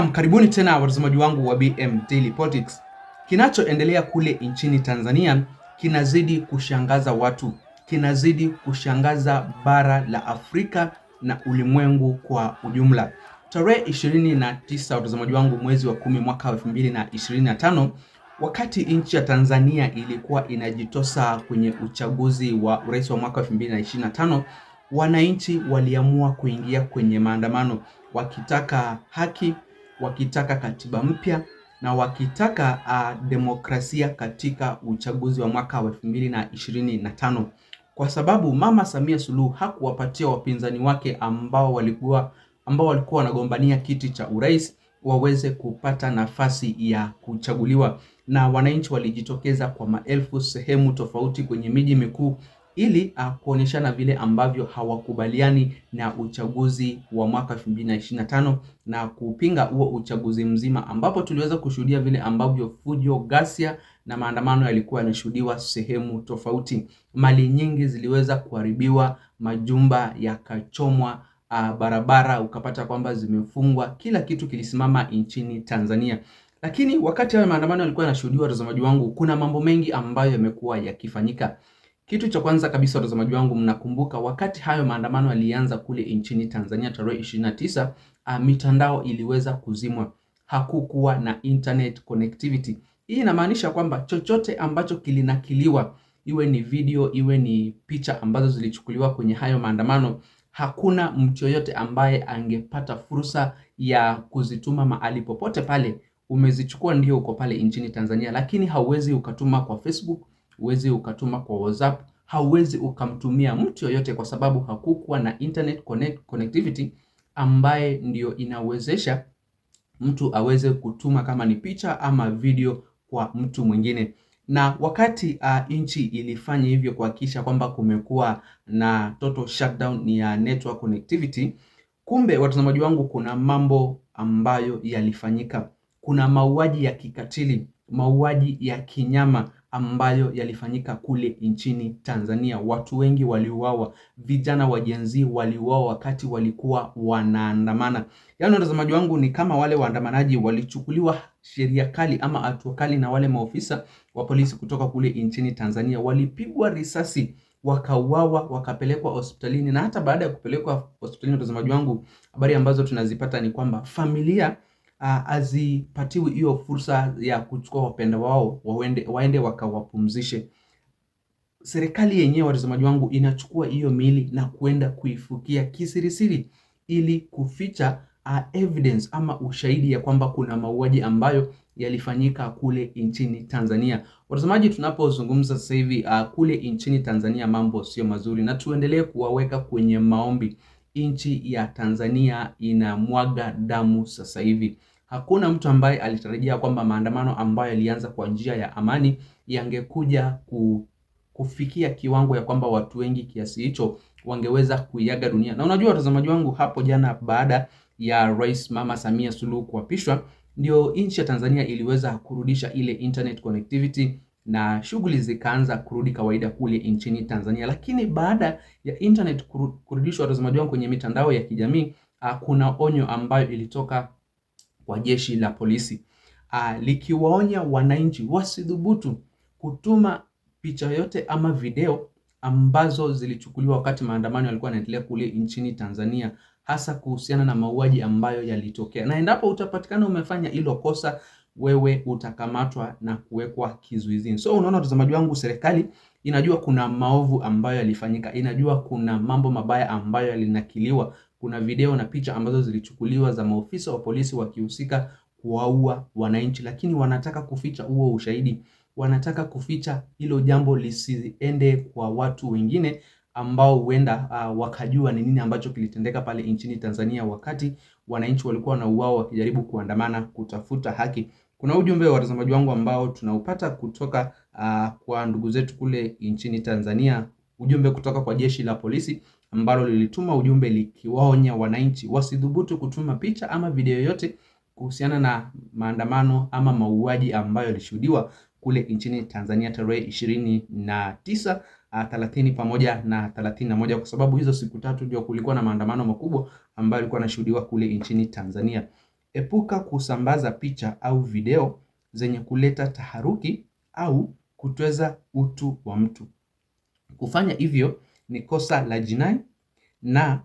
Naam, karibuni tena watazamaji wangu wa BM Daily Politics. Kinachoendelea kule nchini Tanzania kinazidi kushangaza watu, kinazidi kushangaza bara la Afrika na ulimwengu kwa ujumla. Tarehe 29 watazamaji wangu, mwezi wa kumi mwaka 2025, wakati nchi ya Tanzania ilikuwa inajitosa kwenye uchaguzi wa urais wa mwaka 2025, wananchi waliamua kuingia kwenye maandamano wakitaka haki wakitaka katiba mpya na wakitaka uh, demokrasia katika uchaguzi wa mwaka wa elfu mbili na ishirini na tano kwa sababu Mama Samia Suluhu hakuwapatia wapinzani wake ambao walikuwa ambao walikuwa wanagombania kiti cha urais waweze kupata nafasi ya kuchaguliwa, na wananchi walijitokeza kwa maelfu sehemu tofauti kwenye miji mikuu ili ah, kuonyeshana vile ambavyo hawakubaliani na uchaguzi wa mwaka 2025 na kupinga huo uchaguzi mzima, ambapo tuliweza kushuhudia vile ambavyo fujo, ghasia na maandamano yalikuwa yanashuhudiwa sehemu tofauti. Mali nyingi ziliweza kuharibiwa, majumba yakachomwa, ah, barabara ukapata kwamba zimefungwa, kila kitu kilisimama nchini Tanzania. Lakini wakati hayo maandamano yalikuwa yanashuhudiwa, watazamaji wangu, kuna mambo mengi ambayo yamekuwa yakifanyika. Kitu cha kwanza kabisa watazamaji wangu, mnakumbuka wakati hayo maandamano yalianza kule nchini Tanzania tarehe 29, ah, mitandao iliweza kuzimwa, hakukuwa na internet connectivity. Hii inamaanisha kwamba chochote ambacho kilinakiliwa, iwe ni video, iwe ni picha ambazo zilichukuliwa kwenye hayo maandamano, hakuna mtu yoyote ambaye angepata fursa ya kuzituma mahali popote pale. Umezichukua ndio uko pale nchini Tanzania, lakini hauwezi ukatuma kwa Facebook uwezi ukatuma kwa WhatsApp, hauwezi ukamtumia mtu yoyote kwa sababu hakukuwa na internet connect, connectivity ambaye ndiyo inawezesha mtu aweze kutuma kama ni picha ama video kwa mtu mwingine. Na wakati uh, nchi ilifanya hivyo kuhakikisha kwamba kumekuwa na total shutdown ya network connectivity, kumbe watazamaji wangu, kuna mambo ambayo yalifanyika. Kuna mauaji ya kikatili, mauaji ya kinyama ambayo yalifanyika kule nchini Tanzania. Watu wengi waliuawa, vijana wa Gen Z waliuawa wakati walikuwa wanaandamana. Yaani watazamaji wangu, ni kama wale waandamanaji walichukuliwa sheria kali ama hatua kali na wale maofisa wa polisi kutoka kule nchini Tanzania, walipigwa risasi wakauawa wakapelekwa hospitalini, na hata baada ya kupelekwa hospitalini, watazamaji wangu, habari ambazo tunazipata ni kwamba familia uh, hiyo fursa ya kuchukua wapenda wao waende, waende wakawapumzishe. Serikali yenyewe, watazamaji wangu, inachukua hiyo miili na kuenda kuifukia kisirisiri ili kuficha uh, evidence ama ushahidi ya kwamba kuna mauaji ambayo yalifanyika kule nchini Tanzania. Watazamaji, tunapozungumza sasa hivi uh, kule nchini Tanzania mambo sio mazuri, na tuendelee kuwaweka kwenye maombi nchi ya Tanzania inamwaga damu sasa hivi. Hakuna mtu ambaye alitarajia kwamba maandamano ambayo yalianza kwa njia ya amani yangekuja ku, kufikia kiwango ya kwamba watu wengi kiasi hicho wangeweza kuiaga dunia. Na unajua watazamaji wangu, hapo jana baada ya Rais Mama Samia Suluhu kuapishwa, ndio nchi ya Tanzania iliweza kurudisha ile internet connectivity na shughuli zikaanza kurudi kawaida kule nchini Tanzania. Lakini baada ya internet kurudishwa, watazamaji wangu, kwenye mitandao ya kijamii uh, kuna onyo ambayo ilitoka kwa jeshi la polisi uh, likiwaonya wananchi wasidhubutu kutuma picha yote ama video ambazo zilichukuliwa wakati maandamano yalikuwa yanaendelea kule nchini Tanzania, hasa kuhusiana na mauaji ambayo yalitokea, na endapo utapatikana umefanya hilo kosa wewe utakamatwa na kuwekwa kizuizini. So unaona, watazamaji wangu, serikali inajua kuna maovu ambayo yalifanyika, inajua kuna mambo mabaya ambayo yalinakiliwa. Kuna video na picha ambazo zilichukuliwa za maofisa wa polisi wakihusika kuwaua wananchi, lakini wanataka kuficha huo ushahidi, wanataka kuficha hilo jambo lisiende kwa watu wengine ambao huenda uh, wakajua ni nini ambacho kilitendeka pale nchini Tanzania wakati wananchi walikuwa wanauawa wakijaribu kuandamana kutafuta haki. Kuna ujumbe wa watazamaji wangu ambao tunaupata kutoka uh, kwa ndugu zetu kule nchini Tanzania, ujumbe kutoka kwa jeshi la polisi ambalo lilituma ujumbe likiwaonya wananchi wasidhubutu kutuma picha ama video yoyote kuhusiana na maandamano ama mauaji ambayo yalishuhudiwa kule nchini Tanzania tarehe ishirini na tisa 30 ah, pamoja na 31 kwa sababu hizo siku tatu ndio kulikuwa na maandamano makubwa ambayo yalikuwa yanashuhudiwa kule nchini Tanzania. Epuka kusambaza picha au video zenye kuleta taharuki au kutweza utu wa mtu. Kufanya hivyo ni kosa la jinai na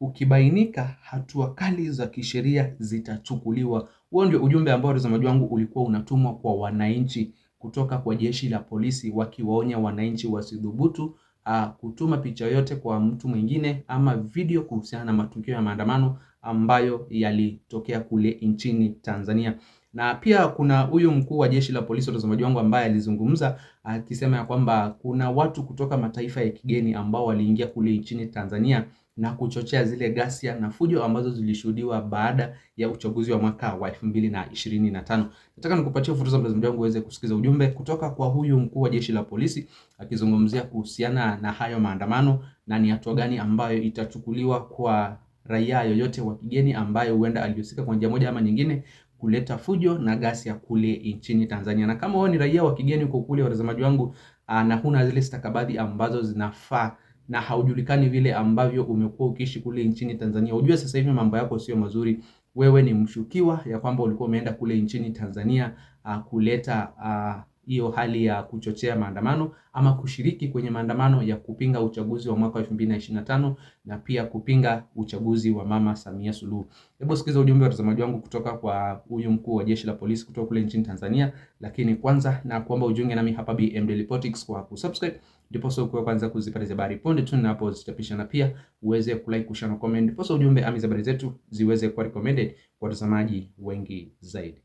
ukibainika, hatua kali za kisheria zitachukuliwa. Huo ndio ujumbe ambao watazamaji wangu ulikuwa unatumwa kwa wananchi kutoka kwa jeshi la polisi wakiwaonya wananchi wasidhubutu uh, kutuma picha yote kwa mtu mwingine ama video kuhusiana na matukio ya maandamano ambayo yalitokea kule nchini Tanzania. Na pia kuna huyu mkuu wa jeshi la polisi, watazamaji wangu, ambaye alizungumza akisema ya kwamba kuna watu kutoka mataifa ya kigeni ambao waliingia kule nchini Tanzania na kuchochea zile ghasia na fujo ambazo zilishuhudiwa baada ya uchaguzi wa mwaka wa 2025. na na Nataka nikupatie fursa mtazamaji wangu uweze kusikiza ujumbe kutoka kwa huyu mkuu wa jeshi la polisi akizungumzia kuhusiana na hayo maandamano na ni hatua gani ambayo itachukuliwa kwa raia yoyote wa kigeni ambaye huenda alihusika kwa njia moja ama nyingine kuleta fujo na ghasia kule nchini Tanzania. Na kama wewe ni raia wa kigeni uko kule, watazamaji wangu, ah, na huna zile stakabadhi ambazo zinafaa na haujulikani vile ambavyo umekuwa ukiishi kule nchini Tanzania, ujue sasa hivi mambo yako sio mazuri. Wewe ni mshukiwa ya kwamba ulikuwa umeenda kule nchini Tanzania ah, kuleta uh, hiyo hali ya kuchochea maandamano ama kushiriki kwenye maandamano ya kupinga uchaguzi wa mwaka 2025 na pia kupinga uchaguzi wa Mama Samia Suluhu. Hebu sikiza ujumbe wa watazamaji wangu kutoka kwa huyu mkuu wa jeshi la polisi kutoka kule nchini Tanzania, lakini kwanza na kuomba ujiunge nami hapa BM Daily Politics kwa kusubscribe ndipo sasa ukiwa kwanza kuzipata habari punde tu ninapozichapisha, na pia uweze kulike, kushare na comment, ndipo sasa ujumbe ami habari zetu ziweze kuwa recommended kwa watazamaji wengi zaidi.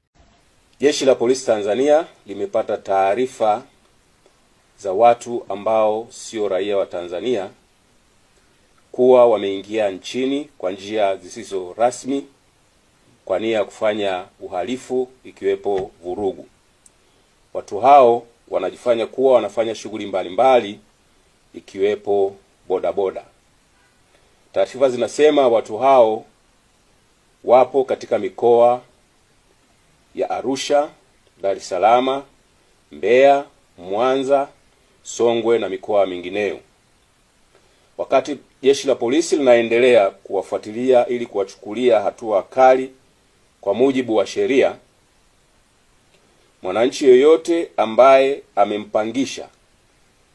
Jeshi la Polisi Tanzania limepata taarifa za watu ambao sio raia wa Tanzania kuwa wameingia nchini kwa njia zisizo rasmi kwa nia ya kufanya uhalifu ikiwepo vurugu. Watu hao wanajifanya kuwa wanafanya shughuli mbalimbali ikiwepo bodaboda. Taarifa zinasema watu hao wapo katika mikoa ya Arusha, Dar es Salaam, Mbeya, Mwanza, Songwe na mikoa mingineyo. Wakati jeshi la polisi linaendelea kuwafuatilia ili kuwachukulia hatua kali kwa mujibu wa sheria, mwananchi yoyote ambaye amempangisha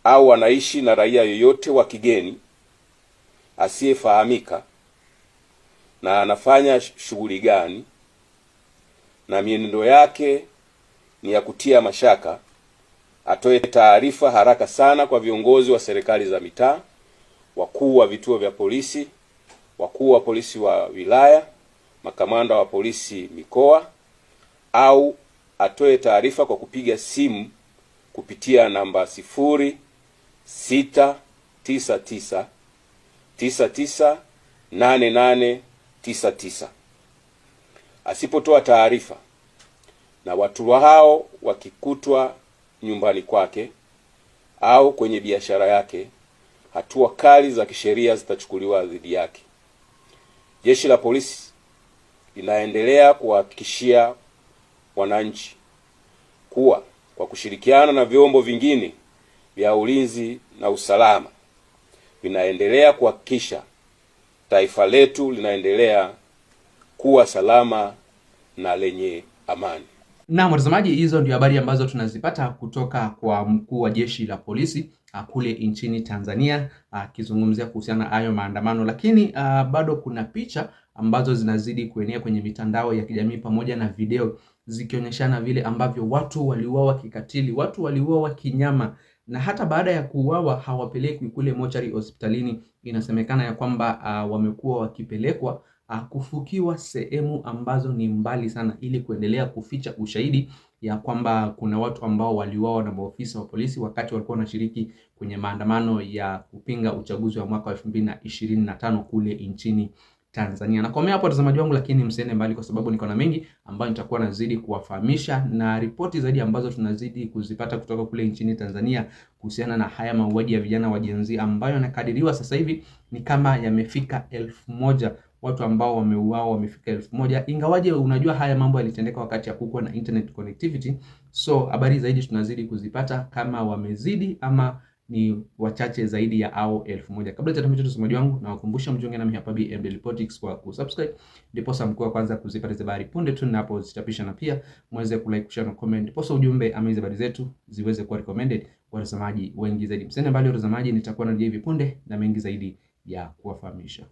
au anaishi na raia yoyote wa kigeni asiyefahamika na anafanya shughuli gani na mienendo yake ni ya kutia mashaka, atoe taarifa haraka sana kwa viongozi wa serikali za mitaa, wakuu wa vituo vya polisi, wakuu wa polisi wa wilaya, makamanda wa polisi mikoa, au atoe taarifa kwa kupiga simu kupitia namba sifuri sita tisa tisa tisa tisa nane nane tisa tisa asipotoa taarifa na watu hao wakikutwa nyumbani kwake au kwenye biashara yake, hatua kali za kisheria zitachukuliwa dhidi yake. Jeshi la polisi linaendelea kuhakikishia wananchi kuwa kwa kushirikiana na vyombo vingine vya ulinzi na usalama vinaendelea kuhakikisha taifa letu linaendelea kuwa salama na lenye amani. Na mtazamaji, hizo ndio habari ambazo tunazipata kutoka kwa mkuu wa jeshi la polisi ah, kule nchini Tanzania ah, akizungumzia kuhusiana na hayo maandamano, lakini a, ah, bado kuna picha ambazo zinazidi kuenea kwenye mitandao ya kijamii pamoja na video zikionyeshana vile ambavyo watu waliuawa kikatili, watu waliuawa kinyama, na hata baada ya kuuawa hawapelekwi kule mochari hospitalini. Inasemekana ya kwamba uh, wamekuwa wakipelekwa Ah, kufukiwa sehemu ambazo ni mbali sana ili kuendelea kuficha ushahidi ya kwamba kuna watu ambao waliuawa na maofisa wa polisi wakati walikuwa wanashiriki kwenye maandamano ya kupinga uchaguzi wa mwaka wa 2025 kule nchini Tanzania. Nakomea hapo watazamaji wangu, lakini msiende mbali kwa sababu niko na mengi ambayo nitakuwa nazidi kuwafahamisha na ripoti zaidi ambazo tunazidi kuzipata kutoka kule nchini Tanzania kuhusiana na haya mauaji ya vijana wa Gen Z ambayo yanakadiriwa sasa hivi ni kama yamefika elfu moja watu ambao wameuawa wamefika elfu moja ingawaje unajua haya mambo yalitendeka wakati hakukuwa na internet connectivity. So habari zaidi tunazidi kuzipata kama wamezidi ama ni wachache zaidi ya au elfu moja. Kabla ya tatusomaji wangu nawakumbusha mjiunge nami hapa BM Daily Politics kwa kusubscribe, ndiposa wa kwanza kuzipata hizo habari punde tu ninapozichapisha, na pia mweze kulike, kushare na comment, ndiposa ujumbe ama hizo habari zetu ziweze kuwa recommended kwa watazamaji wengi zaidi. Msende mbali watazamaji, nitakuwa na hivi punde na mengi zaidi ya kuwafahamisha.